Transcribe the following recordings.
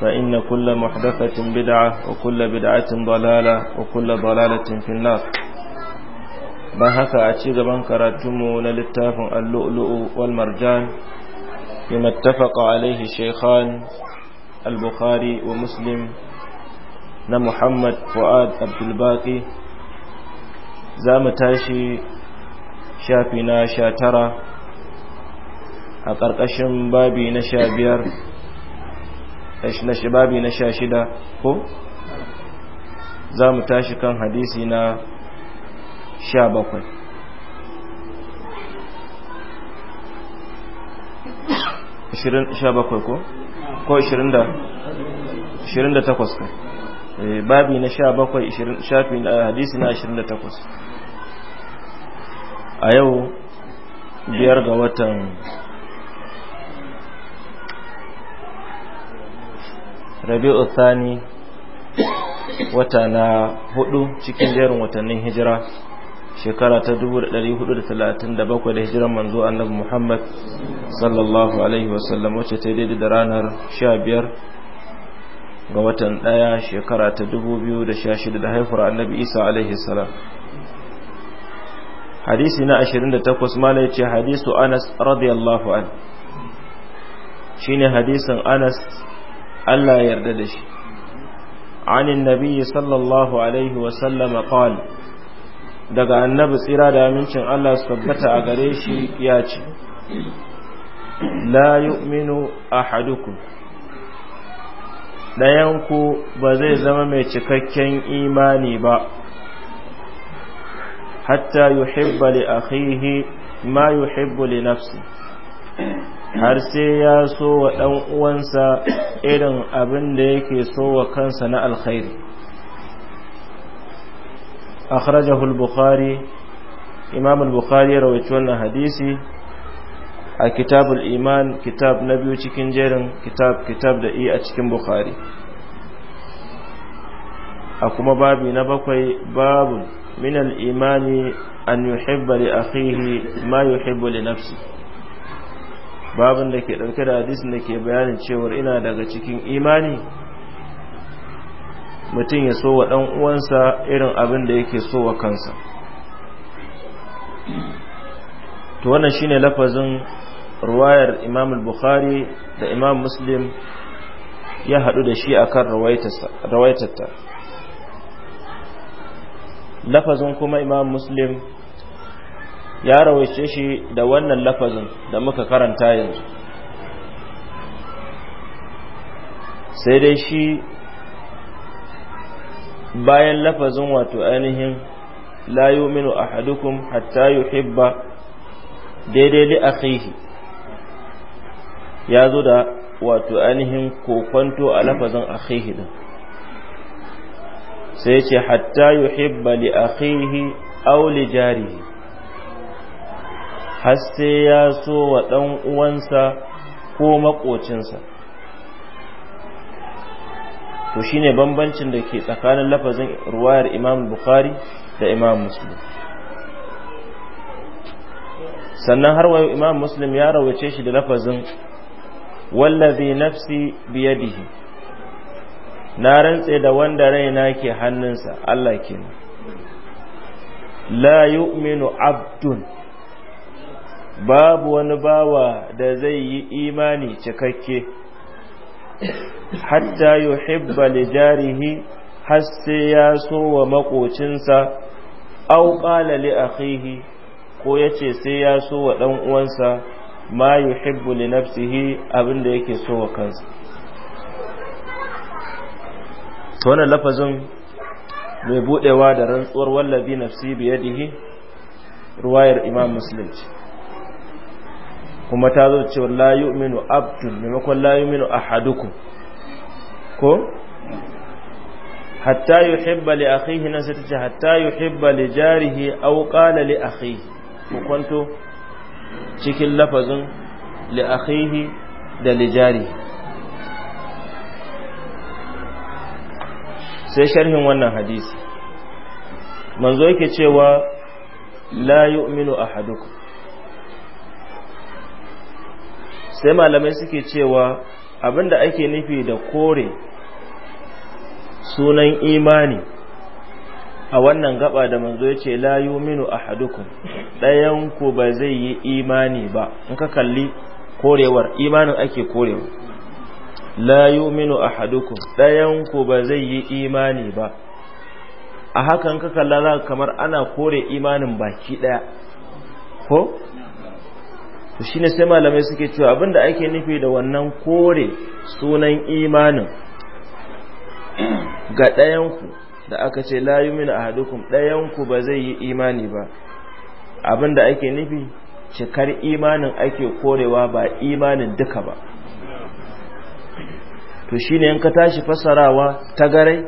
فإن كل محدثة بدعة وكل بدعة ضلالة وكل ضلالة في النار بحث أتشيغ بنكراتم للتاف اللؤلؤ والمرجان بما اتفق عليه الشيخان البخاري ومسلم محمد فؤاد عبد الباقي زام تاشي شافنا شاترة a ƙarƙashin babi na sha biyar na shibabi na sha shida ko za mu tashi kan hadisi na sha bakwai sha bakwai ko? ko ishirin da ishirin da takwas ka eh, babi na sha bakwai shafi na hadisi na ishirin da takwas a yau biyar ga watan rabi'u thani wata na hudu cikin jerin watannin hijira shekara ta 1437 da hijiran manzo annabi Muhammad sallallahu alaihi wasallam wacce ta daidai da ranar 15 ga watan daya shekara ta 2016 da haifar annabi Isa alaihi salam hadisi na 28 mala ce hadisu Anas radiyallahu an shine hadisin Anas Allah ya yarda da shi anin nabiyyi sallallahu alaihi wasallama qala daga annabi tsira da amincin Allah su tabbata a gare shi ya ce la yu'minu ahadukum ɗayanku ba zai zama mai cikakken imani ba hatta yuhibba li akhihi ma yuhibbu li nafsihi har sai ya so wa ɗan uwansa irin abin da yake so wa kansa na alkhairi akhrajahu al-bukhari imam al-bukhari rawaito wannan hadisi a kitabul iman kitab na biyu cikin jerin kitab kitab da i a cikin bukhari a kuma babi na bakwai babu min al-imani an yuhibba li akhihi ma yuhibbu li nafsihi babin da ke ɗauke da hadisin da ke bayanin cewar ina daga cikin imani mutum ya so wa ɗan uwansa irin abin da yake so wa kansa to wannan shine lafazin ruwayar imam bukhari da imam muslim ya haɗu da shi akan rawaitarta lafazin kuma imam muslim ya rawaice shi da wannan lafazin da muka karanta yanzu sai dai shi bayan lafazin wato ainihin la yuminu ahadukum hatta yuhibba daidai li akhihi ya zo da wato ainihin kokwanto a lafazin akhihi din sai ce hatta yuhibba li akhihi aw li jarihi har sai ya so wa ɗan uwansa ko maƙocinsa to shine bambancin da ke tsakanin lafazin ruwayar imam bukari da imam muslim sannan har wayo imam muslim ya rawace shi da lafazin wallazi nafsi biyadihi na rantse da wanda raina ke hannunsa Allah kenan la yu'minu abdun babu wani bawa da zai yi imani cikakke hatta yuhibba li jarihi har sai ya so wa makocinsa au qala li akhihi ko yace sai ya so wa dan uwansa ma yuhibbu li nafsihi abinda yake so wa kansa to wannan lafazin mai buɗewa da rantsuwar wallabi nafsi biyadihi ruwayar imam musulunci. kuma ta zo cewa la yu'minu abdun maimakon la yu'minu ahadukum ko hatta yuhibba li akhihi nan sai ta ce hatta yuhibba li jarihi aw qala li akhihi ku kwanto cikin lafazin li akhihi da li jarihi sai sharhin wannan hadisi manzo yake cewa la yu'minu ahadukum sai malamai suke cewa abinda ake nufi da kore sunan imani a wannan gaba da manzo ya ce la yuminu ahadukum ɗayan ku ba zai yi imani ba in ka kalli korewar imanin ake korewa la yuminu ahadukum ɗayan ku ba zai yi imani ba a hakan ka kalla za kamar ana kore imanin baki ɗaya ko to shine sai malamai suke cewa abinda ake nufi da wannan kore sunan imanin ga ɗayanku da aka ce la ahadukum ɗayanku ba zai yi imani ba abinda ake nufi cikar imanin ake korewa ba imanin duka ba to shine in ka tashi fassarawa ta garai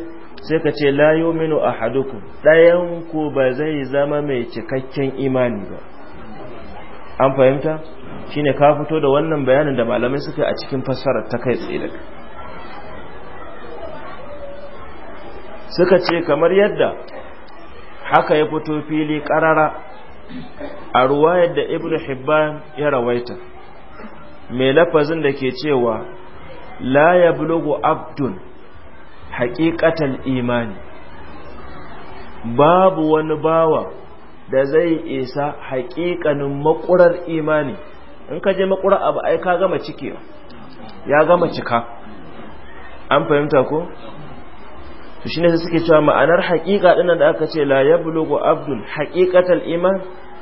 sai ka ce la a ɗayan ɗayanku ba zai zama mai cikakken imani ba an fahimta shi ne ka fito da wannan bayanin da malamai suka a cikin fassarar ta kai tsaye suka ce kamar yadda haka ya fito fili karara a ruwayar da ibn hibban ya rawaita mai lafazin da ke cewa la ya bulogo abdun haƙiƙatar imani babu wani bawa da zai isa haƙiƙanin makurar imani in ka je makurar abu ai ka gama ciki. ya gama cika an fahimta ko to shine sai suke cewa ma'anar haƙiƙa din da aka ce la yablughu Abdul. haqiqatal iman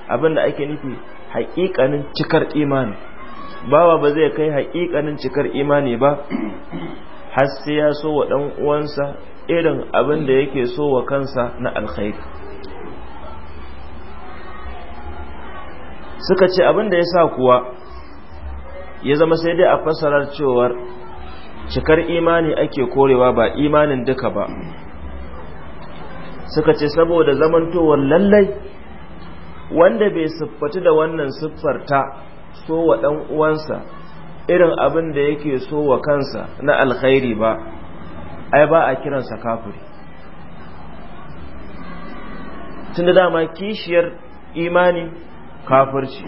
Abin da ake nufi haƙiƙanin cikar imani bawa ba zai kai haƙiƙanin cikar imani ba har sai ya so wa dan uwansa irin abin da yake so wa kansa na alkhairi suka ce abin da ya sa kuwa ya zama sai dai a fassarar cewar cikar imani ake korewa ba imanin duka ba suka ce saboda zamantowar lallai wanda bai siffatu da wannan siffar ta so wa ɗan uwansa irin abin da yake so wa kansa na alkhairi ba ai ba a kiransa kafiri tun da dama kishiyar imani kafirci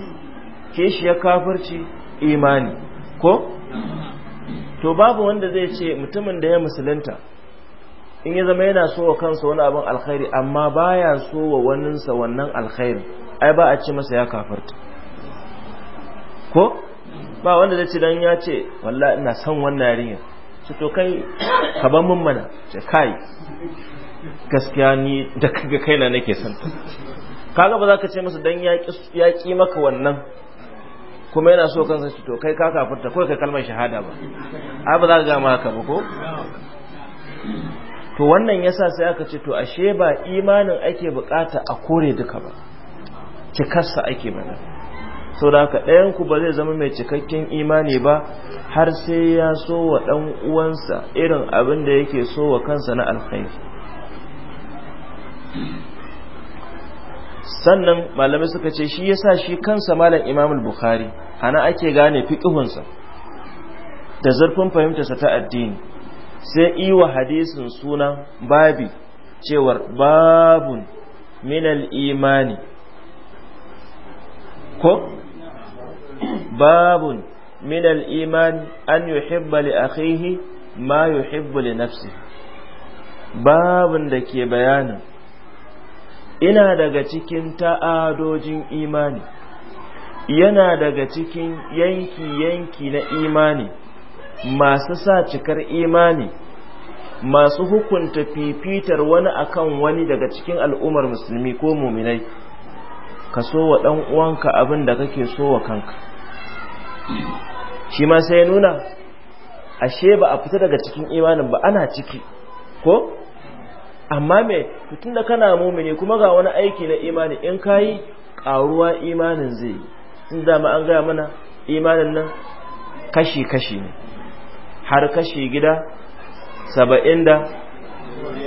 kishiyar kafirci imani ko to babu wanda zai ce mutumin da ya musulunta in ya zama yana so wa kansa wani abin alkhairi amma baya so wa waninsa wannan alkhairi ai ba a ce masa ya kafarta ko ba wanda zai ce dan ya ce wallahi ina son wannan yarinya ce to kai ka ban mun mana ce kai gaskiya ni da kaga kaina nake son kaga ba za ka ce masa dan ya ki maka wannan kuma yana so kansa to kai ka kafirta kawai kai kalmar shahada ba a ba za ka gama haka ba ko to wannan yasa sai aka ce to ashe ba imanin ake bukata a kore duka ba cikarsa ake mana sau da haka ɗayanku ba zai zama mai cikakken imani ba har sai ya so wa ɗan uwansa irin abin da yake so wa kansa na alkhairi sannan malamai suka ce shi yasa shi kansa malam imam bukhari ana ake gane fiqhunsa da zurfin fahimtarsa ta addini sai wa hadisin suna babi cewar babun al imani ko babun minal imani an yuhibba li akhihi ma yuhibbu li nafsihi babun da ke bayanin ina daga cikin ta'adojin imani yana daga cikin yanki-yanki na imani masu sa cikar imani masu hukunta fifitar wani akan wani daga cikin al'ummar musulmi ko muminai ka so wa ɗan uwanka abin da kake so wa kanka shi ma sai nuna ashe ba a fita daga cikin imanin ba ana ciki ko amma mai tun da kana mumini kuma ga wani aiki na imani in ka yi karuwa imanin zai yi tun dama an gaya mana imanin nan kashi-kashi ne har kashi gida saba'in da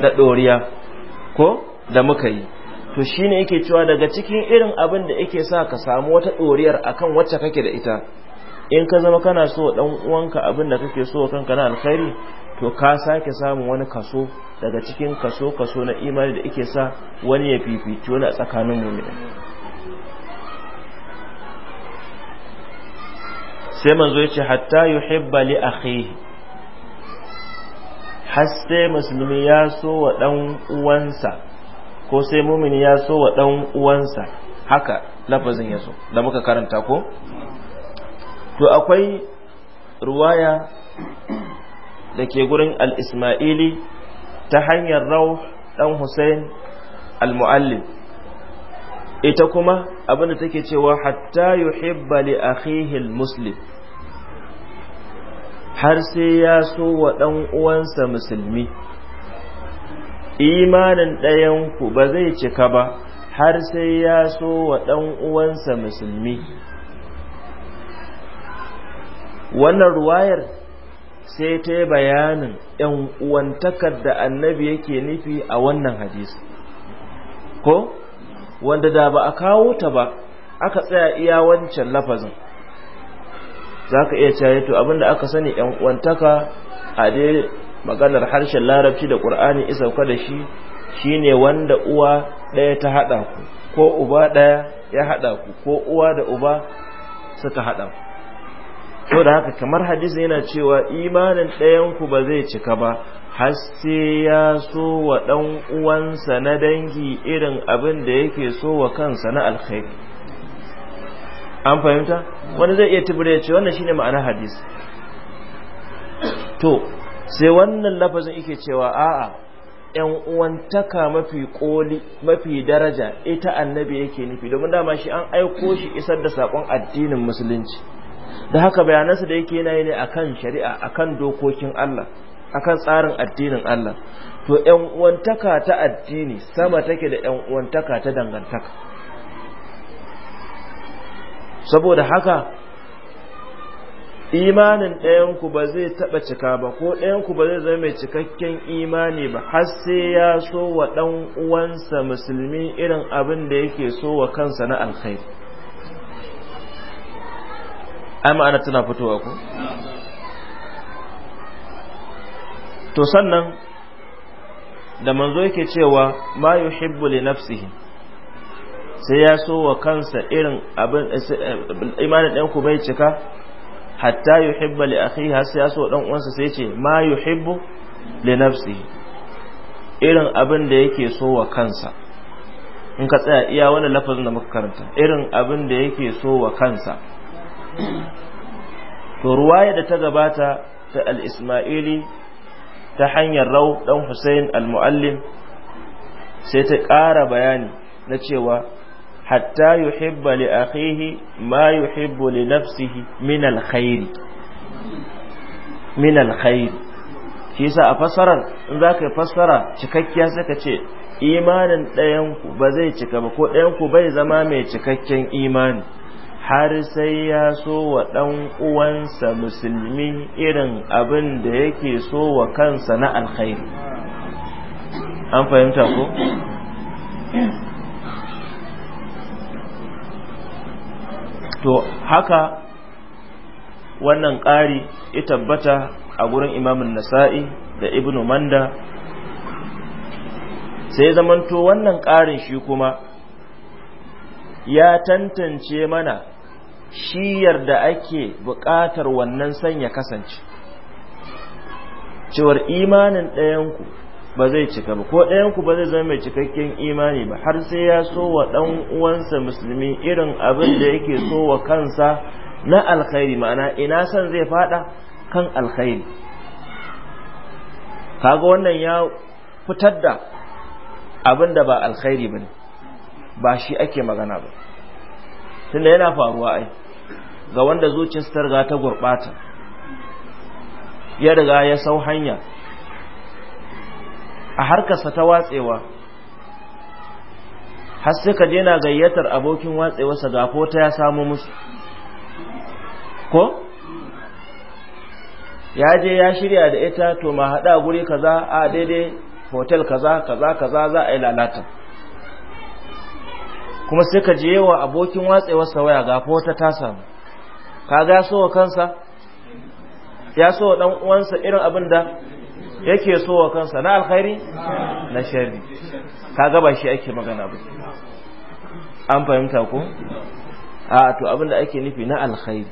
da ɗoriya ko da muka yi to shi ne yake cewa daga cikin irin abin da yake sa ka samu wata ɗoriyar akan wacce kake da ita in ka zama kana so ɗan uwanka abin da kake so kanka na alkhairi to ka sake samun wani kaso daga cikin kaso kaso na imani da ike sa wani ya fifici wani a tsakanin mummina sai manzo yace hatta yuhibba li akhihi har sai musulmi ya so wa dan uwansa ko sai mumini ya so wa dan uwansa haka lafazin ya so da muka karanta ko to akwai ruwaya da ke gurin alisma'ili ta hanyar rauh dan Hussein al-mu'allim ita kuma abinda take cewa hatta yuhibba li akhihi muslim har sai ya so wa ɗan uwansa musulmi imanin ɗayanku ba zai cika ba har sai ya so wa ɗan uwansa musulmi wannan ruwayar sai ta yi bayanin ‘yan uwantakar da annabi yake nufi a wannan hadisi ko wanda da ba a kawo ta ba aka tsaya iya wancan lafazin za ka iya caye to abinda aka sani ‘yan uwantaka a dai maganar harshen larabci da ƙur'ani isauka da shi shi ne wanda uwa ɗaya ta haɗa ku ko uba ɗaya ya haɗa ku ko uwa da uba suka haɗa ku to da haka kamar hadisi yana cewa imanin ɗayanku ba zai cika ba har sai ya so wa ɗan uwansa na dangi irin abin da yake so wa kansa na alkhairi an fahimta wani zai iya tibire ce wannan shine ma'anar hadisi to sai wannan lafazin yake cewa a'a yan uwantaka mafi koli mafi daraja ita annabi yake nufi domin dama shi an aiko shi isar da sakon addinin musulunci da haka bayanansa da yake yana yi ne akan shari'a akan dokokin Allah akan tsarin addinin Allah to ƴan uwantaka ta addini sama take da ƴan uwantaka ta dangantaka saboda haka imanin ɗayanku ba zai taɓa cika ba ko ɗayanku ba zai zama mai cikakken imani ba har sai ya so wa ɗan uwansa musulmi irin abin da yake so wa kansa na alkhairi ai ma'ana tana fitowa ko to sannan da manzo yake cewa ma yuhibbu li nafsihi sai ya so wa kansa irin abin eh, imanin ɗan ku bai cika hatta yuhibba li akhihi sai ya so dan uwansa sai ce ma yuhibbu li nafsihi irin abin da yake so wa kansa in ka tsaya iya wannan lafazin da muka karanta irin abin da yake so wa kansa to ruwaya da ta gabata ta al-ismaili ta hanyar rau dan Hussein al-muallim sai ta ƙara bayani na cewa hatta yuhibba li akhihi ma yuhibbu li nafsihi min al-khairi min al-khairi shi a fassarar in za yi fassara cikakkiya sai ka ce imanin ɗayanku ba zai cika ba ko ɗayanku bai zama mai cikakken imani har sai ya so wa ɗan uwansa musulmi irin abin da yake so wa kansa na alkhairi an fahimta ko to haka wannan ƙari ya tabbata a gurin imamun nasa'i da ibnu manda sai zamanto wannan ƙarin shi kuma ya tantance mana shiyar da ake buƙatar wannan san ya kasance cewar imanin ɗayanku ba zai cika ba ko ɗayanku ba zai zama mai cikakken imani ba har sai ya so wa ɗan uwansa musulmi irin abin da yake so wa kansa na alkhairi ma'ana ina son zai faɗa kan alkhairi kaga wannan ya fitar da abin da ba alkhairi ba ne ba shi ake magana ba tunda yana faruwa ai ga wanda zuciyarsa ta riga ta gurbata ya riga ya sau hanya a harkarsa ta watsewa har sai ka je gayyatar abokin watsewarsa ga ko ta ya samu musu ko ya je ya shirya da ita to ma haɗa guri kaza a daidai hotel kaza kaza kaza za a yi lalata kuma sai ka je wa abokin watsewarsa waya gafa wata ta samu kaga ya wa kansa ya wa dan uwansa irin abin da yake wa kansa na alkhairi na sharri kaga ba shi ake magana ba an fahimta ko a to abin da ake nufi na alkhairi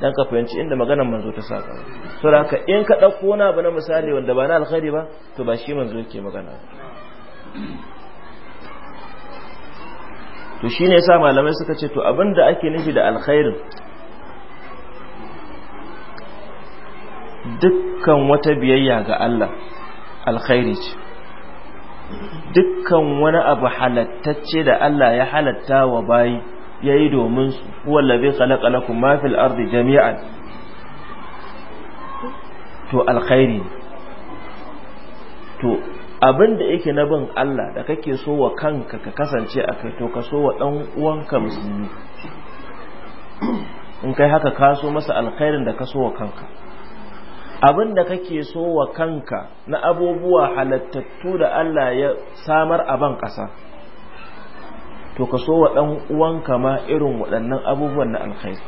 dan ka fahimci inda maganar manzo ta saka so da haka in ka dauko wani abu na misali wanda ba na alkhairi ba to ba shi manzo yake magana to shi ne sa malamai suka ce to abinda ake nufi da alkhairin dukkan wata biyayya ga Allah alkhairi ce dukkan wani abu halattacce da Allah ya halatta wa bayi yayi domin su bai khalaqa lakum ma fil ardi jami'an to alkhairi to abin da yake na bin Allah da kake so wa kanka ka kasance a kai to ka so wa ɗan uwanka musulmi in kai haka ka so masa alkhairin da ka so wa kanka abin da kake so wa kanka na abubuwa halattattu da Allah ya samar a ban ƙasa to ka so wa ɗan uwanka ma irin waɗannan abubuwan na alkhairi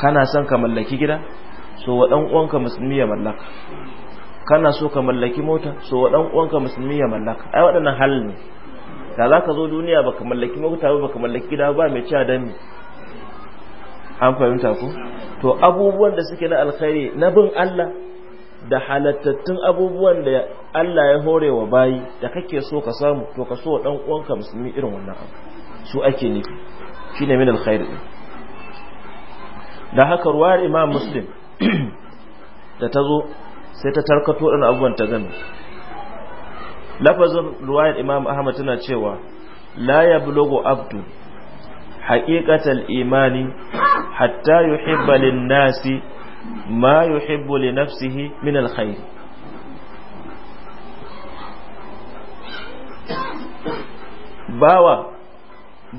kana son ka mallaki gida so wa ɗan uwanka musulmi ya mallaka kana so ka mallaki mota so wa dan uwanka musulmi ya mallaka ai waɗannan hal ne da za zo duniya baka mallaki mota ba baka mallaki gida ba mai cewa dan an fahimta ko to abubuwan da suke na alkhairi na bin Allah da halattattun abubuwan da Allah ya hore wa bayi da kake so ka samu to ka so dan uwanka musulmi irin wannan abu su ake nufi shine min alkhair da haka ruwar Imam Muslim da ta zo. sai ta tarkato ɗan abubuwan ta gami lafazin ruwayar imam ahmad tana cewa la ya bulogo abdu haƙiƙatar imani hatta yuhibba hibbalin nasi ma yuhibbu li nafsihi min kha'iri. bawa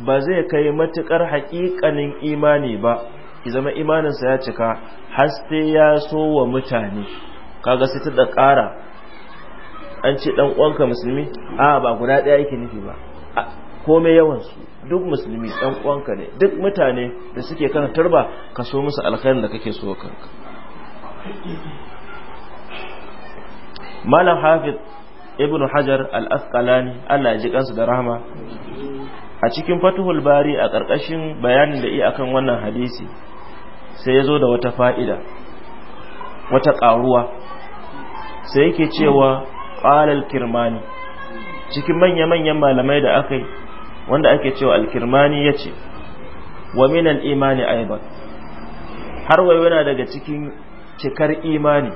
ba zai kai matukar haƙiƙanin imani ba zama imaninsa ya cika haske ya so wa mutane kaga sai ta da ƙara an ce dan uwanka musulmi a ba guda ɗaya yake nufi ba komai yawansu duk musulmi dan uwanka ne duk mutane da suke kan tarba ka so musu alkhairin da kake so kanka malam hafiz ibn hajar al-asqalani Allah ya ji kansu da rahama a cikin fatuhul bari a ƙarƙashin bayanin da iya akan wannan hadisi sai ya zo da wata fa'ida wata ƙaruwa sai yake cewa ƙalal kirmani cikin manya-manyan malamai da aka yi wanda ake cewa alkirmani ya ce wa minan imani aiban har wai yana daga cikin cikar imani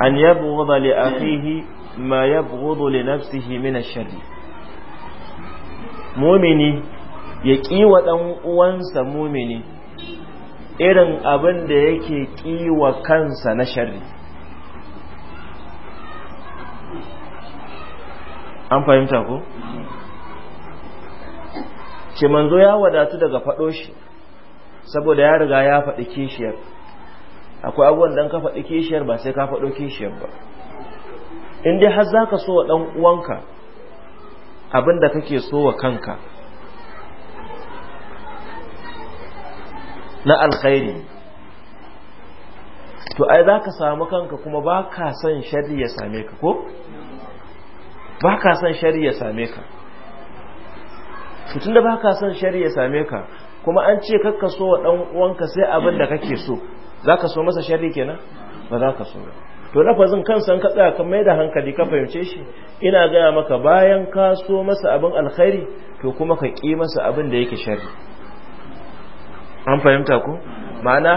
an yabghudha li akhihi ma yabghudhu li nafsihi min ash-sharri mumini ya kiwa ɗan uwansa mumini irin abin da yake kiwa kansa na sharri an fahimta ko ce manzo ya wadatu daga faɗo shi saboda ya riga ya faɗi kishiyar akwai abuwan dan ka faɗi kishiyar ba sai ka faɗo kishiyar ba in dai har za ka so wa ɗan uwanka abin da kake so wa kanka na alkhairi to ai za ka samu kanka kuma ba ka son shari ya same ka ko ba ka son shari ya same ka tun da ba ka son shari ya same ka kuma an ce kakka so wa ɗan uwanka sai abin da kake so za ka so masa shari kenan ba za ka so ba to lafazin kansa ka tsaya ka mai da hankali ka fahimce shi ina gaya maka bayan ka so masa abin alkhairi to kuma ka ƙi masa abin da yake shari an fahimta ku? ma'ana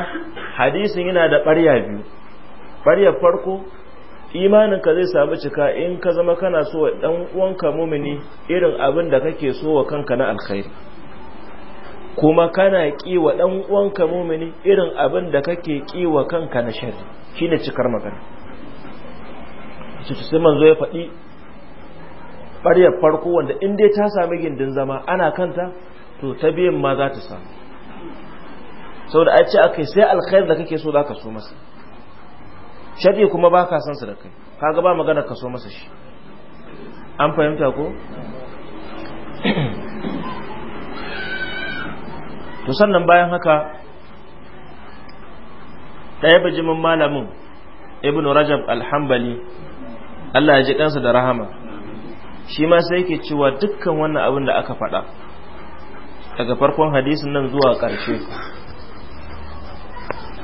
hadisin yana da ɓarya biyu ɓaryar farko imaninka zai samu cika in ka zama kana so wa ɗan uwanka mumini irin abin da kake so wa kanka na alkhairi kuma kana ƙi wa ɗan uwanka mumini irin abin da kake ƙi wa kanka na shari shine cikar magana sai manzo ya faɗi ɓaryar farko wanda in dai ta sami gindin zama ana kanta to ta biyan ma za ta samu saboda a ce aka sai alkhairi da kake so za ka so masa shaɗi kuma ba ka san su da kai kaga ba magana ka so masa shi an fahimta ko to sannan bayan haka ɗaya bijimin malamin ibn rajab alhambali Allah ya ji ɗansa da rahama shi ma sai ke cewa dukkan wannan abin da aka faɗa daga farkon hadisin nan zuwa ƙarshe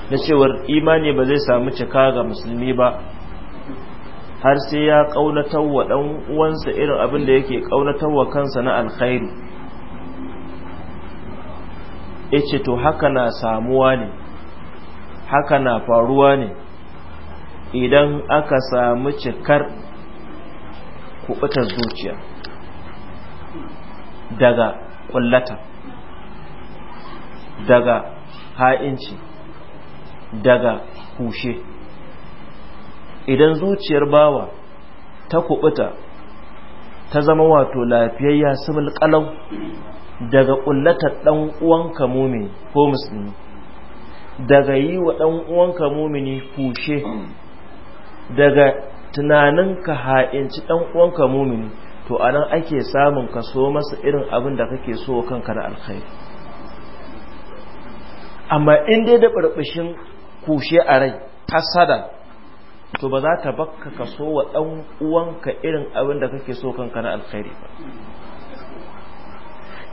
na cewar imani ba zai samu cika ga musulmi ba har sai ya kaunatar wa dan uwansa irin abin da yake kaunatar wa kansa na alkhairi yace to haka na samuwa ne haka na faruwa ne idan aka samu cikar kubutar zuciya daga kullata daga ha'inci daga kushe idan zuciyar bawa ta kubuta ta zama wato lafiyayya sumul kalau daga kullatar dan uwanka ko musulmi daga yi wa dan uwanka mumini kushe daga tunanin ka ha'inci dan uwanka mumini to anan ake samun ka so masa irin abin da kake so kanka da alkhairi amma in dai da ɓarɓashin kushe a rai hasadan to ba za ta bakka ka so wa ɗan uwanka irin abin da kake so kanka na alkhairi ba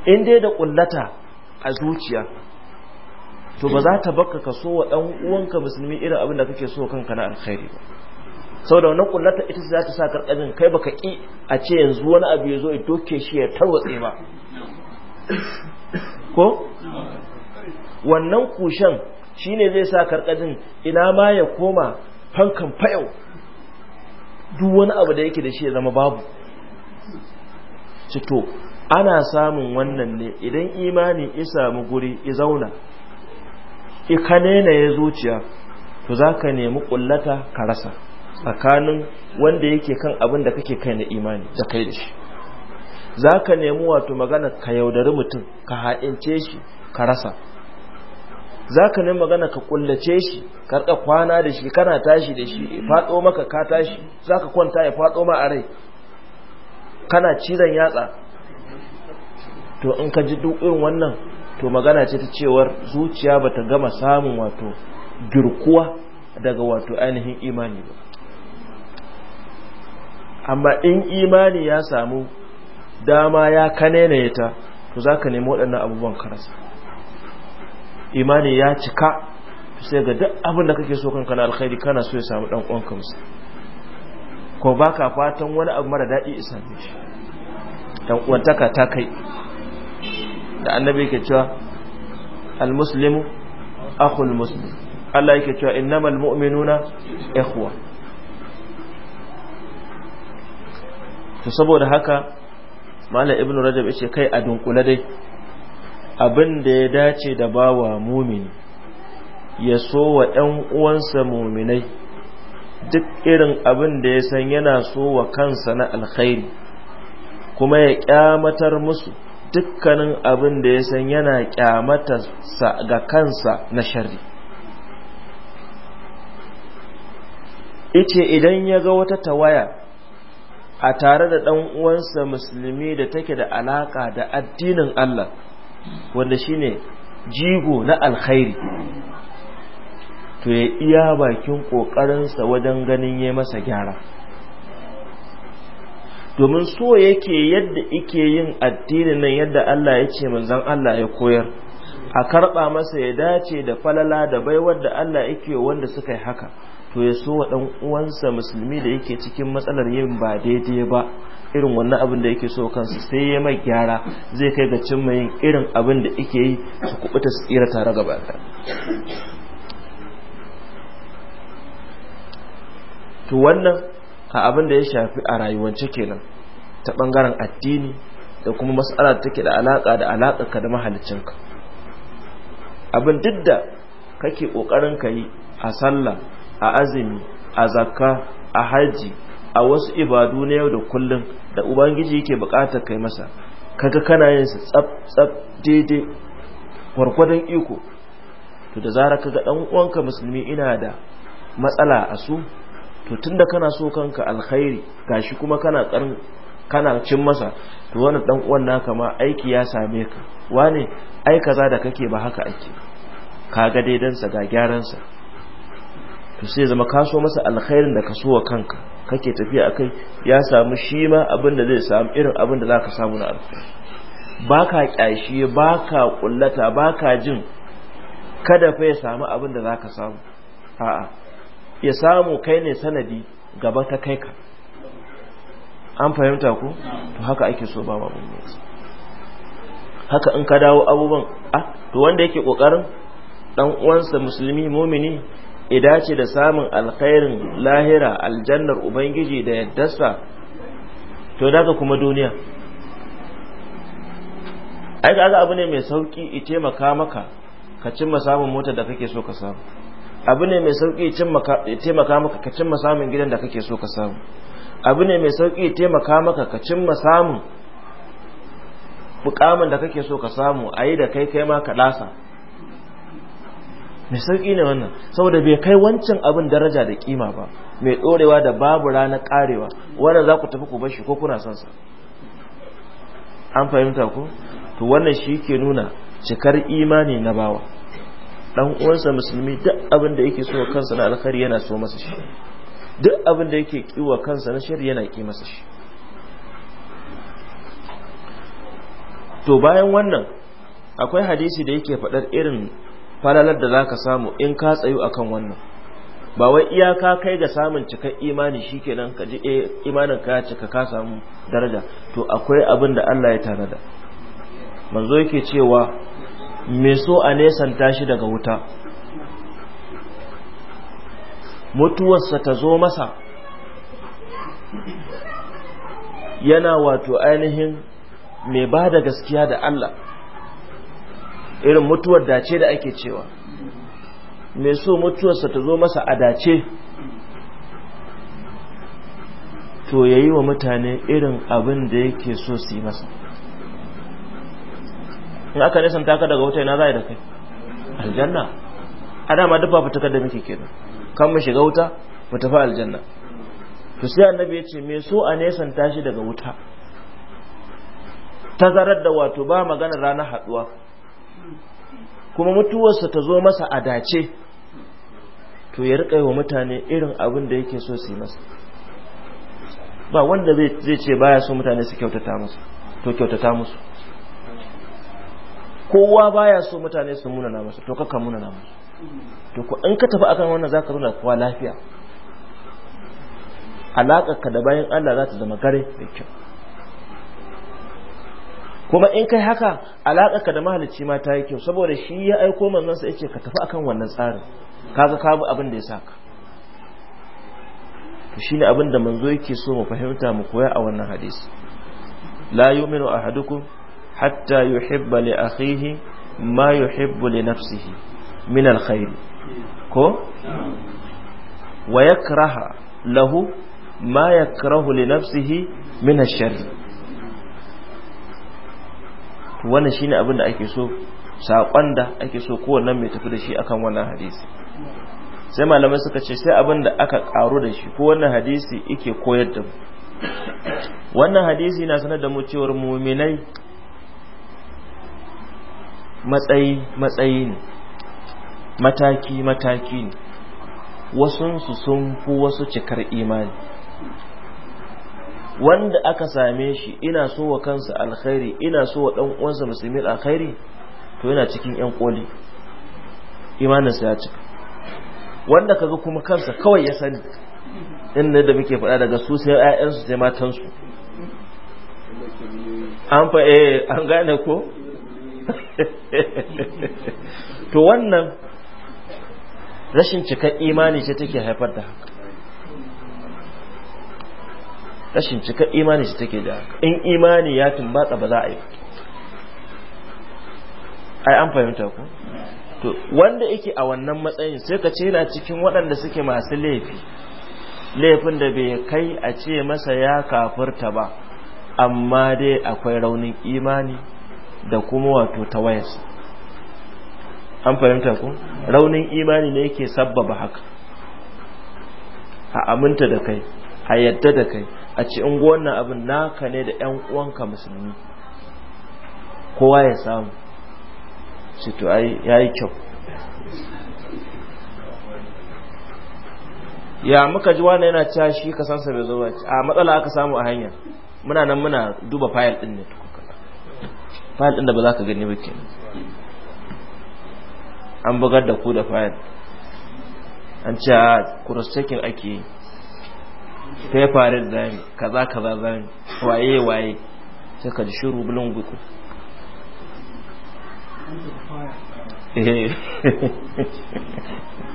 in dai da ƙullata a zuciya to ba za ta bakka ka so wa ɗan uwanka musulmi irin abin da kake so kanka na alkhairi ba sau da wannan ƙullata ita za ta sa karkarin kai baka ƙi a ce yanzu wani abu ya zo ya doke shi ya tarwatse ba ko wannan kushen Shi ne zai sa karkajin ina ma ya koma fankan fayau duk wani abu da yake da shi ya zama babu cito ana samun wannan ne idan imani ya samu guri ya zauna ikanena ya zuciya to za ka nemi kullata ka rasa tsakanin wanda yake kan abin da kake kai na imani da kai da shi za ka nemi wato magana ka yaudari mutum ka ha'ince shi ka rasa za ka ne magana ka kullace shi karka kwana da shi kana tashi da shi faɗo maka ka tashi za ka kwanta ya faɗo ma a rai kana cizon yatsa to in ka ji duk irin wannan to magana ce ta cewar zuciya bata gama samun wato girkuwa daga wato ainihin imani ba amma in imani ya samu dama ya kanene ta to za ka nemi waɗannan abubuwan karasa imani ya cika sai ga duk abin da kake so kanka na alkhairi kana so ya samu dan uwanka musu ko baka fatan wani abu mara daɗi isa shi dan uwantaka ta kai da annabi yake cewa almuslimu akhul muslim Allah yake cewa innamal mu'minuna ikhwa to saboda haka malam ibnu rajab yace kai a dunkule dai abin da ya dace da bawa mumini ya so wa ‘yan uwansa muminai duk irin abin da ya san yana so wa kansa na alkhairi kuma ya kyamatar musu dukkanin abin da ya san yana kyamatarsa ga kansa na shari ice idan ya ga wata tawaya a tare da ɗan uwansa musulmi da take da alaƙa da addinin Allah wanda shi ne jigo na alkhairi to ya iya bakin ƙoƙarinsa wajen ganin ya masa gyara domin so yake yadda ike yin addinin nan yadda Allah ya ce manzon Allah ya koyar a karɓa masa ya dace da falala da baiwar da Allah yake wanda suka yi haka to ya so wa uwansa musulmi da yake cikin matsalar yin ba daidai ba irin wannan abin da yake so kansu sai ya mai gyara zai kai ga cimma yin irin abin da yake yi su kubuta su tsira tare gaba to wannan a abin da ya shafi a rayuwance kenan ta ɓangaren addini da kuma matsala da take da alaka da ka da mahalicinka abin duk da kake ƙoƙarin ka yi a sallah a azumi a zakka a haji a wasu ibadu na yau da kullum da ubangiji yake bukatar kai masa kaga kana yin su tsab tsab daidai gwargwadon iko to da zara kaga dan uwanka musulmi ina da matsala a su to tunda kana so kanka alkhairi gashi kuma kana karin kana cin masa to wani dan uwan naka ma aiki ya same ka wane ai kaza da kake ba haka ake kaga daidansa ga gyaran sa to sai zama ka so masa alkhairin da ka so wa kanka kake tafiya akai ya samu shi ma abin da zai samu irin abin da zaka samu na alkhairi baka kyashi baka kullata baka jin kada fa ya samu abin da zaka samu a'a ya samu kai ne sanadi gaba ta kai ka an fahimta ku to haka ake so ba ma mun haka in ka dawo abubuwan ah to wanda yake kokarin dan uwansa musulmi mumini Ida ce da samun alkhairin lahira aljannar ubangiji da yaddarsa to daga kuma duniya ai kaga abu ne mai sauki i taimaka maka ka cimma samun mota da kake so ka samu abu ne mai sauki i taimaka maka ka cimma samun gidan da kake so ka samu abu ne mai sauki i taimaka maka ka cimma samun bukaman da kake so ka samu ayi da kai kai ma ka lasa mai sauƙi ne wannan saboda bai kai wancan abin daraja da kima ba mai ɗorewa da babu ranar ƙarewa wannan za ku tafi ku bashi ko kuna son sa an fahimta ko to wannan shi ke nuna cikar imani na bawa Ɗan uwansa musulmi duk abin da yake so kansa na alkhari yana so masa shi duk abin da yake kiwa kansa na shari yana ki masa shi to bayan wannan akwai hadisi da yake faɗar irin falalar da za ka samu in ka tsayu akan wannan ba wai iyaka kai ga samun cikar imani shikenan ka ji eh, imanin ka cika ka samu daraja to akwai abin da Allah ya tanada manzo yake cewa me so a nesanta shi daga wuta mutuwarsa ta zo masa yana wato ainihin mai ba da gaskiya da Allah irin mutuwar dace da ake cewa mai so mutuwarsa ta zo masa a dace to ya yi wa mutane irin abin da yake so su yi masa in aka nisan taka daga wuta yana za da kai aljanna a dama dafa fitakar da muke kenan kan mu shiga wuta mu tafi aljanna to sai annabi ya ce mai so a nisan tashi daga wuta tazarar da wato ba maganar ranar haduwa kuma mutuwarsa ta zo masa a dace to ya riƙa wa mutane irin abin da yake so su yi masa ba wanda zai ce baya so mutane su kyautata musu to kyautata musu kowa baya so mutane su muna na masu to muna na musu to ku in ka tafi akan wannan zaka zauna kowa lafiya alaƙa ka da bayan Allah za ta zama gare da kyau kuma in kai haka ka da mahalicci ma ta yi kyau saboda shi ya aiko manzansa yace ka tafi akan wannan tsarin kaga ka bi abin da ya saka to shine abin da manzo yake so mu fahimta mu koya a wannan hadisi la yu'minu ahadukum hatta yuhibba li akhihi ma yuhibbu li nafsihi min alkhair ko wa yakraha lahu ma yakrahu li nafsihi min ash-sharr Wannan wannan shine abin da ake so saƙon da ake so kowannen mai tafi da shi akan wannan hadisi sai malamai suka ce sai abin da aka ƙaru da shi ko wannan hadisi yake koyar da mu wannan hadisi na sanar da mu cewar muminai matsayi matsayi ne mataki mataki ne wasunsu sun fi wasu cikar imani wanda aka same shi ina so wa kansa alkhairi ina so wa dan uwansa musulmi alkhairi to yana cikin yan koli sa ya cika wanda kaga kuma kansa kawai ya sani inda da muke faɗa daga su sai su sai matansu an fa eh an gane ko to wannan rashin cikar imani ce take haifar da haka rashin cika imani shi take da in imani ya tumbatsa ba za a yi ai an fahimta ku to wanda yake a wannan matsayin sai ka ce yana cikin waɗanda suke masu laifi laifin da bai kai a ce masa ya kafurta ba amma dai akwai raunin imani da kuma wato ta wayarsa. an fahimta ku raunin imani ne yake sabbaba haka a aminta da kai a yadda da kai a ce in wannan abin naka ne da ƴan uwanka musulmi kowa ya samu ce to ai yayi kyau ya muka ji wani yana cewa shi ka bai zo ba a matsala aka samu a hanya muna nan muna duba fayil din ne fayil din da ba za ka gani ba an bugar da ku da fayil an ce a cross checking ake yi da zami kaza kaza zami waye waye ji shiru eh.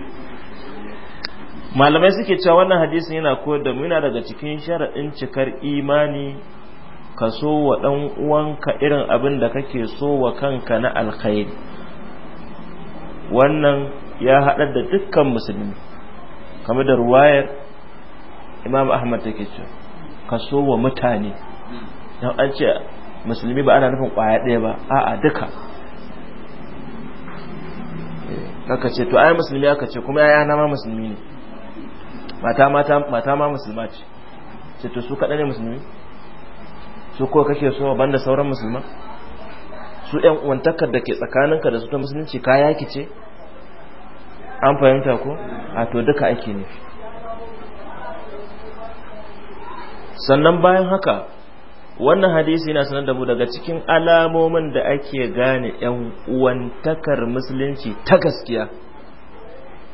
malamai suke cewa wannan hadisin yana koyar da mu yana daga cikin sharaɗin cikar imani ka so wa ɗan uwanka irin abin da kake so wa kanka na alkhairi wannan ya haɗar da dukkan musulmi kamar da ruwayar imam ahmad take ce kaso wa mutane don an ce musulmi ba ana nufin kwaya ɗaya ba a'a duka eh, aka ce to ai musulmi aka ce kuma yaya na ma musulmi ne mata mata mata ma musulma ce ce to su kaɗa ne musulmi su ko kake so banda sauran musulma su ‘yan uwantakar da ke tsakaninka da su ta musulunci kaya ki ce an fahimta ko a to duka ake nufi sannan bayan haka wannan hadisi yana sanar da mu daga cikin alamomin da ake gane yan uwantakar musulunci ta gaskiya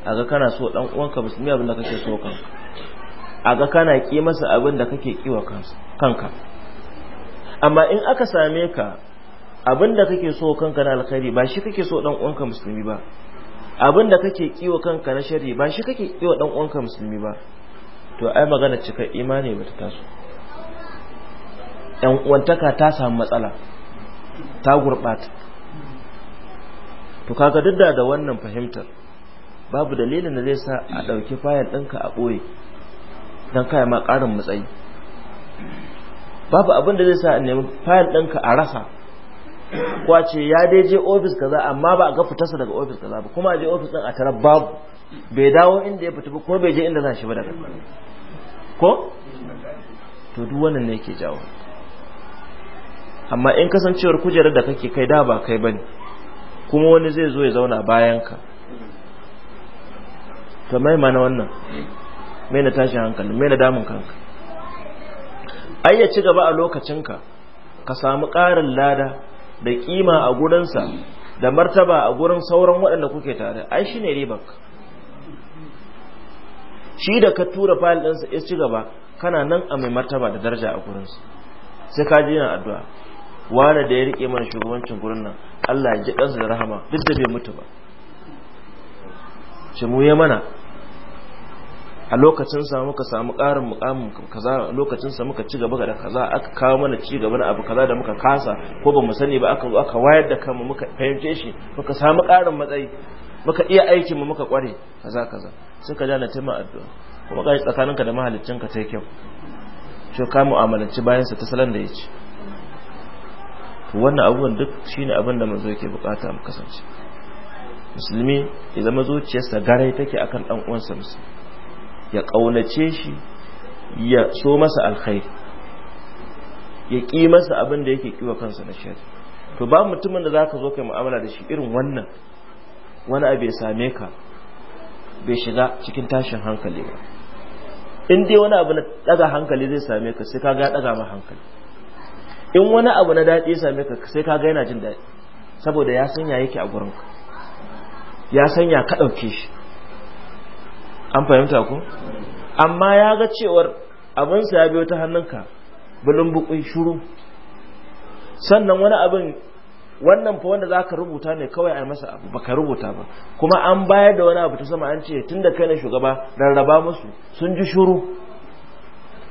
a ga kana so dan uwanka musulmi abin da kake so kanka a ga kana ki masa abin da kake kiwa kanka amma in aka same ka abin da kake so kanka na alkhairi ba shi kake so dan uwanka musulmi ba abin da kake kiwa kanka na shari ba shi kake kiwa dan uwanka musulmi ba to ai magana cika imani bata taso yan uwantaka ta samu matsala ta gurɓata. to kaga duk da wannan fahimtar babu dalilin da zai sa a ɗauki fayil ɗinka a ɓoye don kaya ma ƙarin matsayi babu abin da zai sa a nemi fayil ɗinka a rasa kwace ce ya dai je ofis kaza amma ba a ga fitarsa daga ofis kaza ba kuma a je ofis din a tarar babu bai dawo inda ya fita ba ko bai je inda za shi ba daga ko to duk wannan ne yake jawo amma in kasancewar kujerar da kake kai da ba kai bane kuma wani zai zo ya zauna bayan ka to mai mana wannan mai na tashin hankali mai na damun kanka ai ya ci gaba a lokacinka ka samu ƙarin lada da kima a gurinsa da martaba a gurin sauran waɗanda kuke tare ai shi ne ribak shi da ka tura fayil ɗinsa ya ci gaba kana nan a mai martaba da daraja a gurinsa sai ka ji yana addu'a wane da ya riƙe mana shugabancin gurin nan Allah ya ji ɗansa da rahama duk da bai mutu ba ce mu ya mana a lokacinsa muka samu ƙarin mukamin kaza a lokacinsa muka ci gaba da kaza aka kawo mana ci gaba na abu kaza da muka kasa ko ba mu sani ba aka zo aka wayar da kanmu muka fahimce shi muka samu ƙarin matsayi muka iya aikinmu muka ƙware kaza kaza sai ka jana taimaka addu'a kuma yi tsakaninka da mahaliccinka ta kyau shi ka mu'amalanci bayansa ta salon da ya ci wannan abubuwan duk shine abin da mazo yake bukata mu kasance musulmi ya zama zuciyarsa garai take akan dan uwansa musulmi ya ƙaunace shi ya so masa alkhairi ya ƙi masa abin da yake kiwa kansa na shari to ba mutumin da zaka zo kai mu'amala da shi irin wannan wani abu ya same ka bai shiga cikin tashin hankali ba in dai wani abu na daga hankali zai same ka sai ka ga daga ma hankali in wani abu na daɗi ya same ka sai ka ga yana jin daɗi saboda ya sanya yake a gurinka ya sanya ka ɗauke shi an fahimta ku? amma ya ga cewar abinsa ya biyo ta hannunka bulun bukun shuru sannan wani abin wannan fa wanda zaka rubuta ne kawai a masa abu baka rubuta ba kuma an bayar da wani abu ta sama an ce tunda kai ne shugaba rarraba musu sun ji shuru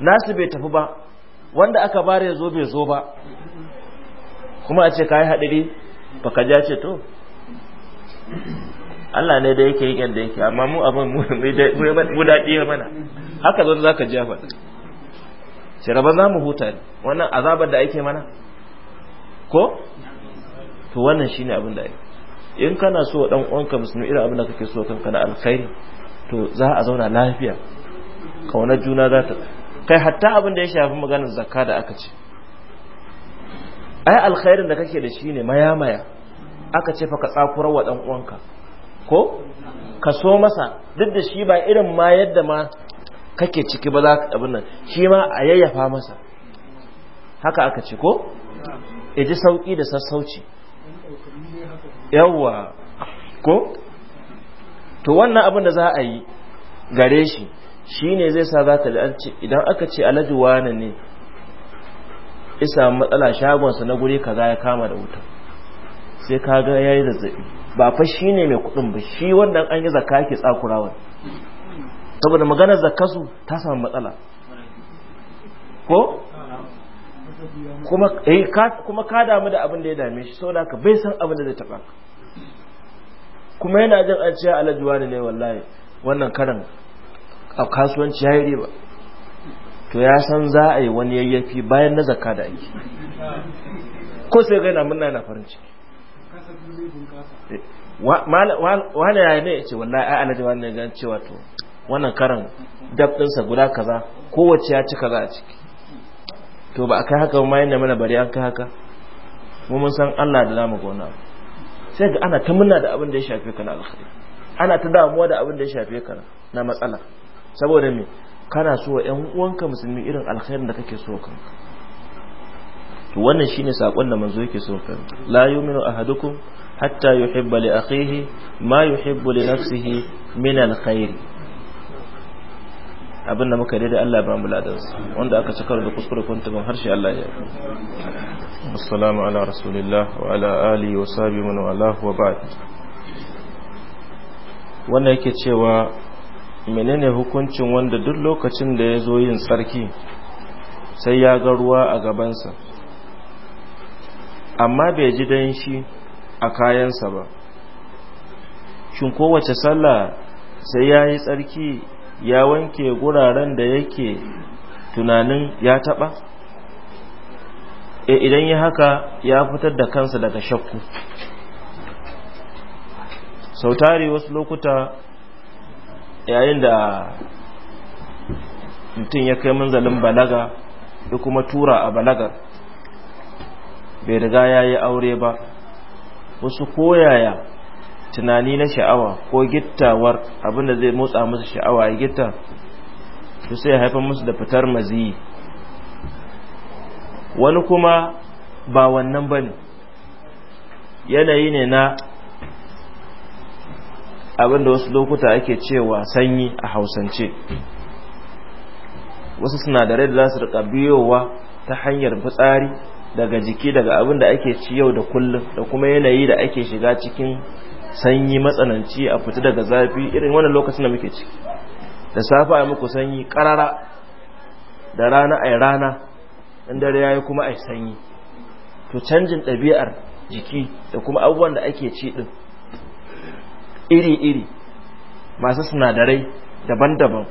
nasu bai tafi ba wanda aka bare ya zo bai zo ba kuma a ce kai hadari baka ja ce to Allah ne da yake yi yadda yake amma mu abin mu daɗi mana haka zan za ka ji faɗi sai raba za mu huta ne wannan azabar da ake mana ko to wannan shine abin da ake in kana so dan uwanka musulmi irin abin da kake so kan kana alkhairi to za a zauna lafiya kaunar juna za ta kai hatta abin da ya shafi maganar zakka da aka ce ai alkhairin da kake da shi ne maya maya aka ce fa ka tsakurar wa dan uwanka ko ka so masa duk da shi ba irin ma yadda ma kake ciki ba za ka abin nan shi ma a yayyafa masa haka aka ce ko ya ji sauƙi da sassauci yawwa ko to wannan abin da za a yi gare shi shi ne zai sa za ta ce idan aka ce alhaji wani ne isa matsala shagonsa na guri kaza ya kama da wuta sai ka ga ya yi zazzabi ba fa shi ne mai kuɗin ba shi wannan an yi zaka yake tsakurawa saboda maganar zakasu ta samu matsala ko eh, kuma ka damu da abin da ya dame shi saboda ka bai san abin da zai taba kuma yana jin an ce alajuwa ne ne wallahi wannan karan a kasuwanci ya yi riba to ya san za a yi wani yayyafi bayan na zaka da ake ko sai gaina na na farin ciki wani ya ne ce wallahi ai alaji wani gan cewa to wannan karan dabdinsa guda kaza kowace ya ci kaza a ciki to ba a kai haka ma yana mana bari an kai haka mu mun san Allah da zamu gona sai ga ana ta munna da abin da ya shafe ka na alkhairi ana ta damuwa da abin da ya shafe ka na matsala saboda me kana so wa ƴan uwanka musulmi irin alkhairin da kake so kanka to wannan shine sakon da manzo yake so la yu'minu ahadukum hatta yuhibba li akhihi ma yuhibbu li nafsihi min alkhair abin da muka da Allah ba mu ladansa wanda aka cikar da kuskure kwanta ban harshe Allah ya assalamu ala rasulillah wa ala ali wa sahbihi man wala wa ba'd wannan yake cewa menene hukuncin wanda duk lokacin da ya zo yin tsarki sai ya ga ruwa a gabansa amma bai ji danshi a kayansa ba shin kowace sallah sai ya yi tsarki ya wanke guraren da yake tunanin ya taɓa eh, idan yi haka ya fitar da kansa daga shakku sautari wasu lokuta yayin da mutum ya kai manzalin balaga ya kuma tura a balagar bai riga ya yi aure ba wasu koyaya tunani na sha'awa ko gittawar abinda zai motsa musu sha'awa ya gitta su sai haifar musu da fitar maziyi wani kuma ba wannan ba ne yanayi ne na abinda wasu lokuta ake cewa sanyi a hausance wasu sinadarai da za su riƙa biyowa ta hanyar fitsari daga jiki daga abin da ake ci yau da kullum da kuma yanayi da ake shiga cikin sanyi matsananci a fita daga zafi irin wannan lokacin da muke ciki da safe a muku sanyi karara da rana a rana in dare yayi kuma a sanyi to canjin ɗabi'ar jiki da kuma abubuwan da ake ci din iri-iri masu sinadarai daban-daban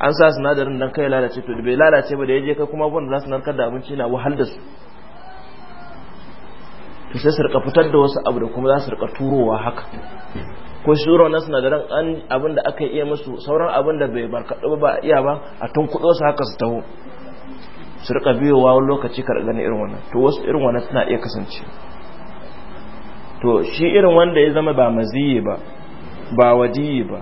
an sa sinadarin don kai lalace to da bai lalace ba da ya je kai kuma abubuwan da za su narkar da abinci na wahal da su to sai su rika fitar da wasu abu da kuma za su rika turowa haka ko shi turo wannan sinadaran an abin da aka iya musu sauran abin da bai barkaɗo ba iya ba a tun kuɗo su haka su taho su rika biyowa wani lokaci ka gani irin wannan to wasu irin wannan suna iya kasance to shi irin wanda ya zama ba maziyi ba ba wadiyi ba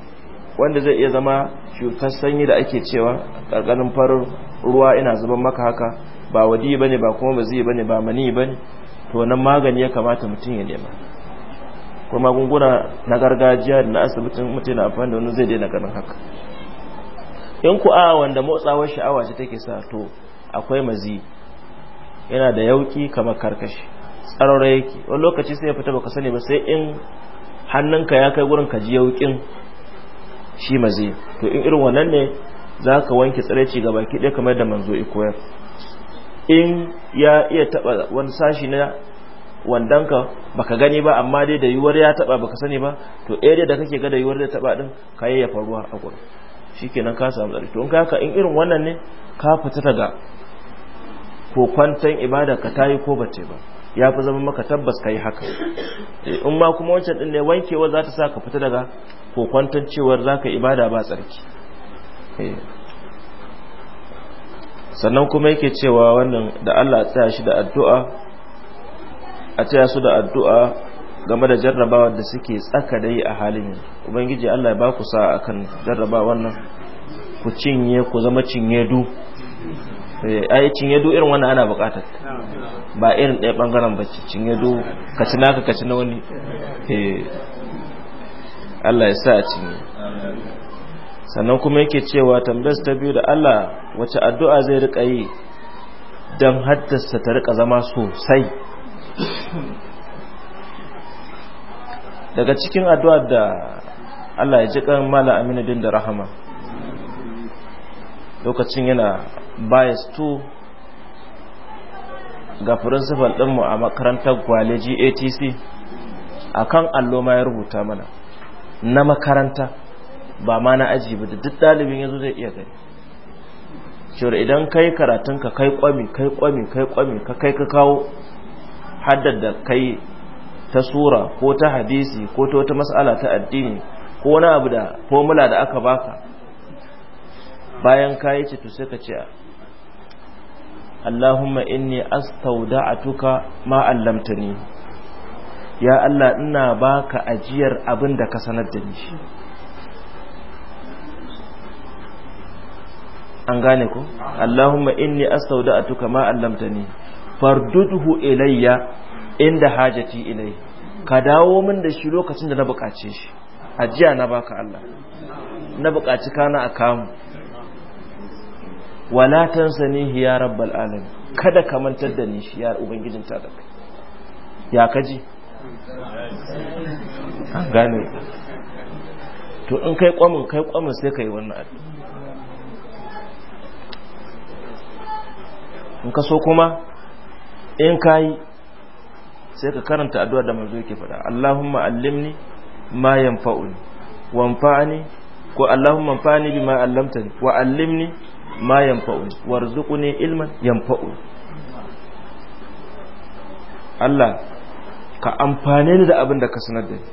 wanda zai iya zama cutar sanyi da ake cewa ƙarƙarin farin ruwa ina zuban maka haka ba ba ne ba kuma maziyi ne ba mani ne. to nan magani ya kamata mutum ya nema ko magunguna na gargajiya da na asibitin mutum na amfani da wani zai daina ganin haka in ku a wanda motsawar sha'awa ce take sa to akwai mazi yana da yauki kamar karkashi tsarorai yake wani lokaci sai ya fita baka sani ba sai in hannunka ya kai gurin ka ji yaukin shi mazi to in irin wannan ne za ka wanke ci ga baki ɗaya kamar da manzo i in ya iya taba wani sashi na wandonka baka gani ba amma dai da yiwuwar ya taba baka sani ba to area da kake ga da yiwuwar da taba din ka ya ruwa a gurin shikenan ka samu tsari to in ka in irin wannan ne ka fita daga ko kwantan ibada ka tayi ko bace ba ya fi zama maka tabbas kai haka eh, in ma kuma wancan din ne wankewa za ta sa ka fita daga ko kwantan cewar zaka ibada ba tsarki eh. sannan kuma yake cewa wannan da Allah tsaya shi da addu'a a tsaya su da addu'a game da jarrabawar da suke tsaka da yi a halin yanzu ubangiji Allah ya ba ku sa akan jarraba wannan ku cinye ku zama cinye du eh, ai cinye du irin wannan ana bukatar ba irin ɗaya bangaren ba cinye du ka naka ka na wani eh, Allah ya sa a cinye sannan kuma yake cewa tambayar ta biyu da Allah wace addu'a zai rika yi don haddasa ta rika zama sosai daga cikin addu'ar da Allah ya ji kan mala aminu din da rahama lokacin yana bias to ga principal mu a makarantar gwaleji ATC, a kan ma ya rubuta mana na makaranta ba ma na aji ba da duk ɗalibin ya zo zai iya kai. cewa idan kai karatun ka kai kwami kai kwami kai kwami ka kai ka kawo haddar da kai ta sura ko ta hadisi ko ta wata mas'ala ta addini ko wani abu da fomula da aka baka bayan ka yi to sai ka ce Allahumma inni astawda'atuka ma allamtani ya Allah ina baka ajiyar abin da ka sanar da ni an gane ku Allahumma inni astawda'tuka ma allamtani farduduhu ilayya inda hajati ilai ka dawo min da shi lokacin da na bukace shi ajiya na baka Allah na bukaci kana a kamu wala tansani ya rabbal alamin kada ka mantar da ni shi ya ubangijin ta da ya kaji an gane to in kai kwamin kai kwamin sai kai wannan addu'a in ka so kuma in ka yi sai ka karanta addu'a da manzo yake faɗa Allahumma allimni ma yanfa'uni wanfa'ani ko Allahumma anfa'ni bima allamtani wa allimni ma yanfa'uni warzuqni ilman yanfa'uni Allah ka amfane ni da abin da ka sanar da ni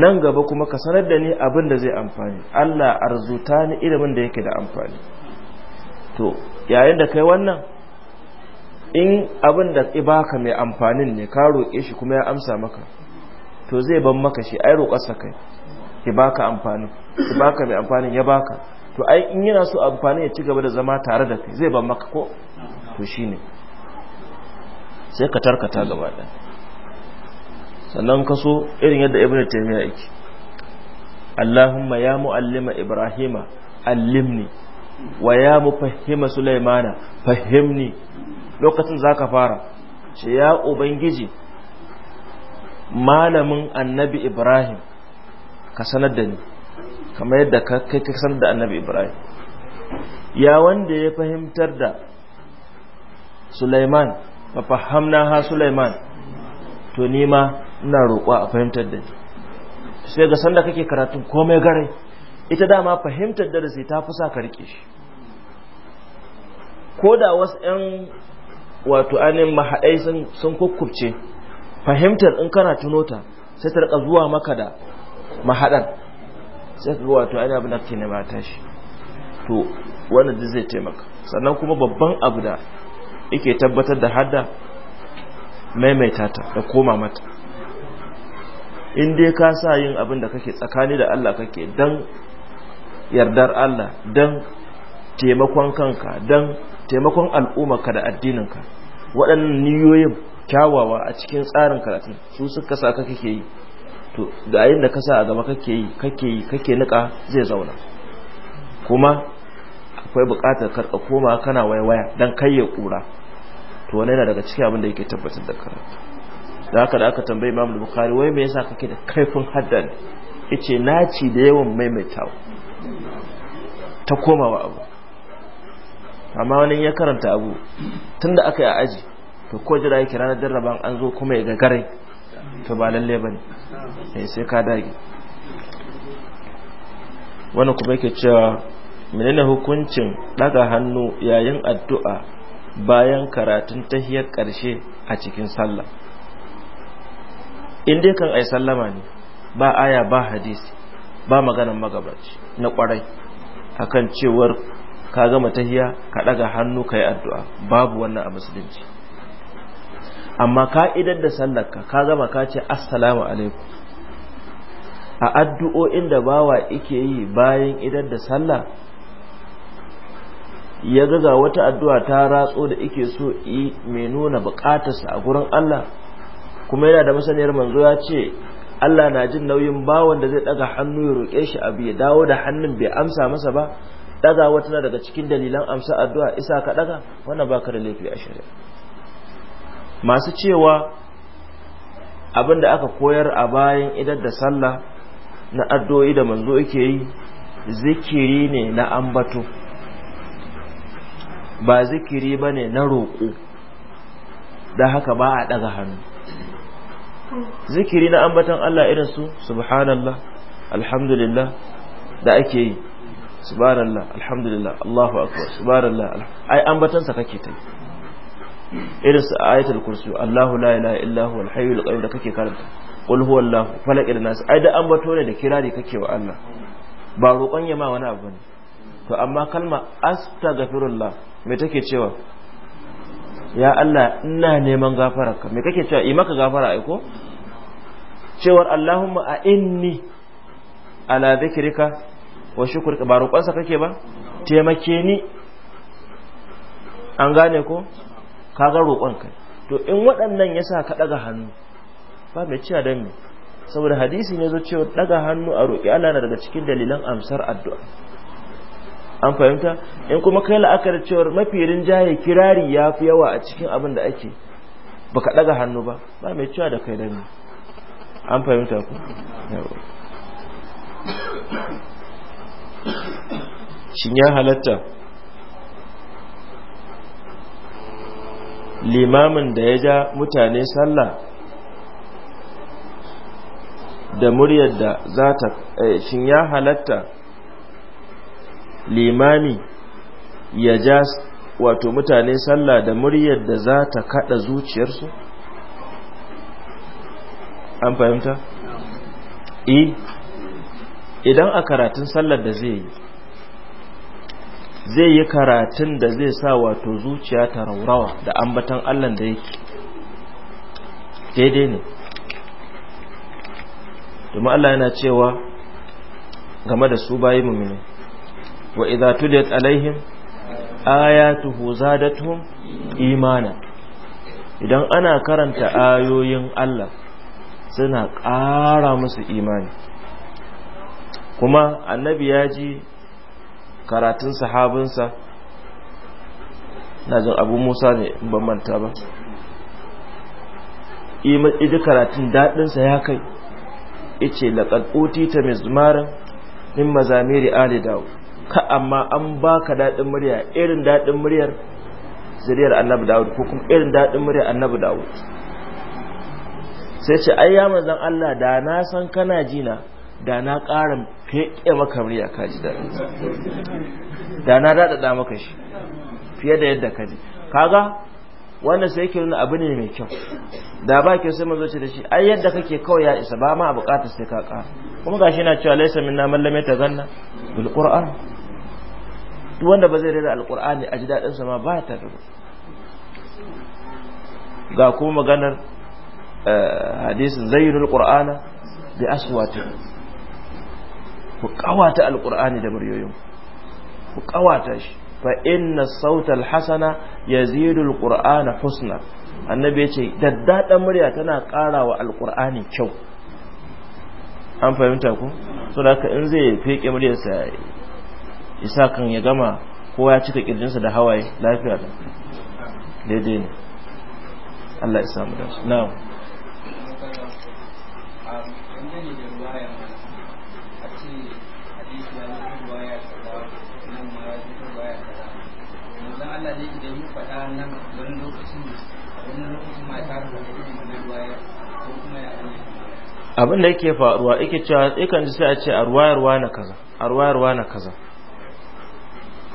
nan gaba kuma ka sanar da ni abin da zai amfani Allah arzuta ni ilimin da yake da amfani to yayin da kai wannan in abin da ibaka mai amfanin ne ka roƙe shi kuma ya amsa maka to zai ban maka shi ai roƙarsa kai ibaka amfanin ibaka mai amfanin ya baka to ai in yana so amfanin ya ci gaba da zama tare da kai zai ban maka ko to shine sai ka tarkata gaba ɗaya sannan ka so irin yadda ibn taymiya yake Allahumma ya muallima ibrahima allimni wa ya fahimma sulaimana fahimni lokacin za ka fara ce ya ubangiji malamin annabi ibrahim ka sanar da ni kamar yadda kai ka sanar da annabi ibrahim ya wanda ya fahimtar da sulaiman ba fahamna ha sulaiman to nima ina roƙo a fahimtar da ni sai ga sanda kake karatun komai garai ita dama fahimtar darasi ta fi sa ka rike shi ko da wasu 'yan wato ainihin mahaɗai sun kukkubce fahimtar in kana tuno ta sai ta rika zuwa maka da mahaɗar sai ka wato ainihin abin da ke nema tashi to wannan duk zai taimaka sannan kuma babban abu da yake tabbatar da hadda maimaita ta da koma mata in dai ka sa yin abin da kake tsakani da Allah kake dan yardar Allah don taimakon kanka don taimakon ka da addininka waɗannan niyoyin kyawawa a cikin tsarin karatun su suka sa kake yi to da ayin da ka a gaba kake yi kake yi kake nika zai zauna kuma akwai buƙatar karka koma kana waya-waya don kai ya ƙura to wani yana daga ciki abin da yake tabbatar da karatu da haka da aka tambayi imam bukari wai me yasa kake da kaifin haddan na naci da yawan maimaitawa ta komawa abu amma wani ya karanta abu tun da aka yi a aji to ko jira yake ranar jarraban an zo kuma ya gagare to ba lalle ba ne eh, sai ka dage wani kuma yake cewa menene hukuncin daga hannu yayin addu'a bayan karatun tahiyar ƙarshe a cikin sallah in dai kan ai sallama ne ba aya ba hadisi ba maganan magabaci na kwarai akan cewar ka gama tahiya ka daga hannu ka yi addu'a babu wannan a musulunci amma ka idar da sallarka ka gama ka ce assalamu alaikum a addu'o'in da bawa ike yi bayan idar da sallah ya gaga wata addu'a ta ratso da ike so yi mai nuna bukatarsa a gurin Allah kuma yana da masaniyar manzo ya ce Allah na jin nauyin bawan da zai daga hannu ya roƙe shi abu ya dawo da hannun bai amsa masa ba daga wata na daga cikin dalilan amsa addu'a isa ka daga wannan baka da laifi a shari'a masu cewa abin da aka koyar a bayan idar da sallah na addu'o'i da manzo yake yi zikiri ne na ambato ba zikiri bane na roƙo da haka ba a daga hannu zikiri na ambatan Allah irin su subhanallah alhamdulillah da ake yi subhanallah alhamdulillah Allahu akbar subhanallah ai ambatan sa kake ta irin su ayatul kursi Allahu la ilaha illa huwa alhayyul qayyum da kake karanta qul huwallahu falaq da nas ai da ambato ne da kirari kake wa Allah ba roƙon yama wani abu ne to amma kalma astaghfirullah me take cewa ya Allah ina neman gafararka me kake cewa yi maka gafara aiko cewar Allahumma a inni ala zikrika wa shukrika ba roƙonsa kake ba taimake ni an gane ko kaga roƙon kai to in waɗannan yasa ka daga hannu ba mai cewa da me saboda hadisi ne zo cewa daga hannu a roƙi Allah na daga cikin dalilan amsar addu'a an fahimta in kuma kai la'akar cewar mafi rinjaye kirari ya fi yawa a cikin abin da ake ba ka daga hannu ba ba mai cewa da kai dani an fahimta ku shin ya halatta limamin da ya ja mutane sallah da muryar da za ta eh, shin ya halatta limami ya ja wato mutane sallah da muryar da za ta kada zuciyarsu an fahimta? e idan a karatun sallar da zai yi zai yi karatun da zai sa wato zuciya ta raurawa da ambatan allah da yake daidai ne domin allah yana cewa game da su bayi mummuni wa idza tuliyat alaihim ayatuhu zadatuhum imana idan ana karanta ayoyin Allah suna ƙara musu imani kuma annabi ya ji karatun sahabinsa na jin abu musa ne in ban manta ba iji karatun daɗinsa ya kai ice laƙar otita mizmarin min mazamiri ali dawo ka amma an baka daɗin murya irin daɗin muryar zuriyar annabi dawud ko kuma irin daɗin muryar annabi dawud sai ce ai ya manzon Allah da na san kana jina da na ƙara feƙe maka murya ka ji daɗin da na da maka shi fiye da yadda ka ji kaga wannan sai yake nuna abu ne mai kyau da ba ke sai mazo ce da shi ai yadda kake kawai ya isa ba ma a buƙatar sai ka ƙara kuma gashi na cewa laisa minna man lam ganna. bil qur'an duk wanda ba zai rera alqur'ani a ji dadin sa ma ba ta da ga kuma maganar eh, hadisin zayyinul qur'ana bi aswati ku kawata alqur'ani da muryoyin ku kawata shi fa inna sautal hasana yazidul qur'ana husna annabi ya ce daddaɗan murya tana ƙara wa alƙur'ani kyau an fahimta ku so da haka in zai feke muryarsa isa kan ya gama ko ya cika kirjinsa da hawaye lafiya da daidai ne Allah isa mu da su abin da yake faruwa yake cewa yakan ji sai a ce a ruwa ruwa na kaza a ruwa ruwa na kaza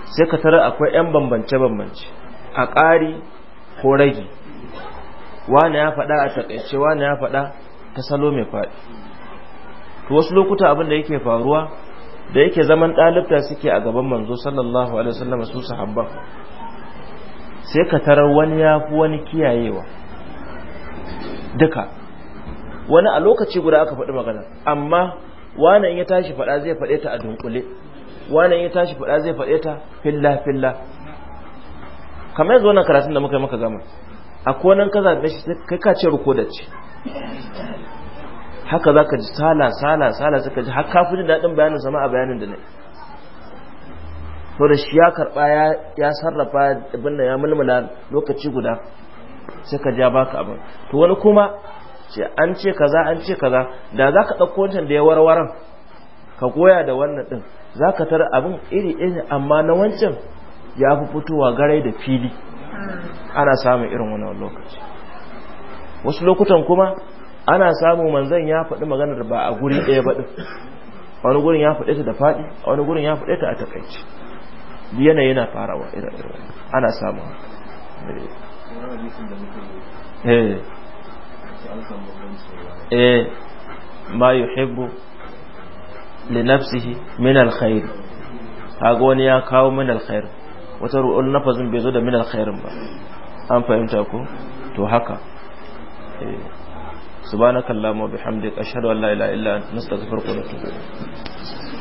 sai ka tara akwai 'yan bambance-bambance a ƙari ko ragi wane ya faɗa a taƙaice wane ya faɗa ta salo mai faɗi to wasu lokuta abin da yake faruwa da yake zaman ɗalibta suke a gaban manzo sallallahu alaihi wasallam su sahabban sai ka tarar wani ya fi wani kiyayewa duka wani a lokaci guda aka faɗi magana amma wani in ya tashi faɗa zai faɗe ta a dunkule wani ya tashi faɗa zai faɗe ta filla filla kamar yanzu wannan karatun da muka yi maka gama a konan ka zaɓe shi kai ka ce ruko da ce haka za ka ji sala sala sala suka ji haka fi daɗin bayanin sama a bayanin da na to da shi ya karɓa ya sarrafa abin da ya mulmula lokaci guda sai ka ja baka abin to wani kuma ce an ce kaza an ce kaza da za ka ɗauko wancan da ya warwaran ka goya da wannan ɗin za ka tara abin iri iri amma na wancan ya fi fitowa garai da fili ana samun irin wani lokaci wasu lokutan kuma ana samun manzan ya faɗi maganar ba a guri ɗaya ba wani gurin ya faɗe ta da faɗi a wani gurin ya faɗe ta a takaici yanayi na farawa irin irin ana samun eh. eh ma yuhibbu li nafsihi min alkhair kaga wani ya kawo min alkhair wata ruwan nafazin bai zo da min alkhairin ba an fahimta ko to haka eh. subhanakallahumma bihamdika ashhadu an la ilaha illa anta nastaghfiruka wa natubu